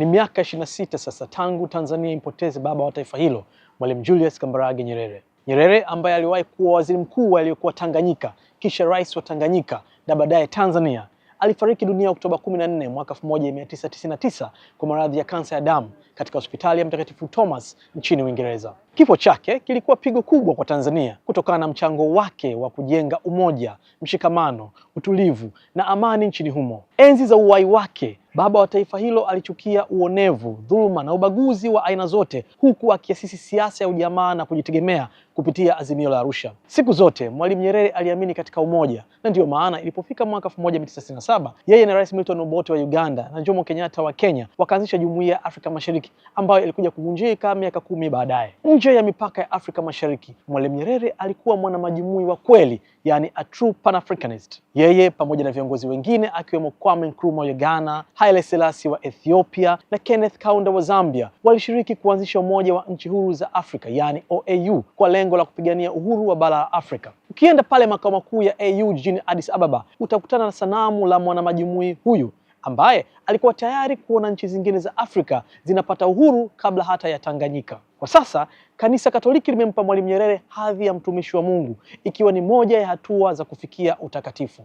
Ni miaka 26 sasa tangu Tanzania impoteze baba wa taifa hilo, Mwalimu Julius Kambarage Nyerere. Nyerere ambaye aliwahi kuwa waziri mkuu aliyekuwa Tanganyika, kisha rais wa Tanganyika na baadaye Tanzania, alifariki dunia Oktoba 14 mwaka 1999 kwa maradhi ya kansa ya damu katika hospitali ya Mtakatifu Thomas nchini Uingereza. Kifo chake kilikuwa pigo kubwa kwa Tanzania kutokana na mchango wake wa kujenga umoja, mshikamano, utulivu na amani nchini humo. Enzi za uhai wake Baba wa taifa hilo alichukia uonevu, dhuluma na ubaguzi wa aina zote, huku akiasisi siasa ya ujamaa na kujitegemea kupitia Azimio la Arusha. Siku zote Mwalimu Nyerere aliamini katika umoja, na ndiyo maana ilipofika mwaka 1967 yeye na Rais Milton Obote wa Uganda na Jomo Kenyatta wa Kenya wakaanzisha Jumuiya ya Afrika Mashariki ambayo ilikuja kuvunjika miaka kumi baadaye. Nje ya mipaka ya Afrika Mashariki, Mwalimu Nyerere alikuwa mwana majumui wa kweli, yani a true pan-Africanist. Yeye pamoja na viongozi wengine akiwemo Kwame Nkrumah wa Ghana Haile Selassie wa Ethiopia na Kenneth Kaunda wa Zambia walishiriki kuanzisha umoja wa nchi huru za Afrika yaani OAU kwa lengo la kupigania uhuru wa bara la Afrika. Ukienda pale makao makuu ya AU jijini Addis Ababa utakutana na sanamu la mwanamajumui huyu ambaye alikuwa tayari kuona nchi zingine za Afrika zinapata uhuru kabla hata ya Tanganyika. Kwa sasa Kanisa Katoliki limempa Mwalimu Nyerere hadhi ya mtumishi wa Mungu ikiwa ni moja ya hatua za kufikia utakatifu.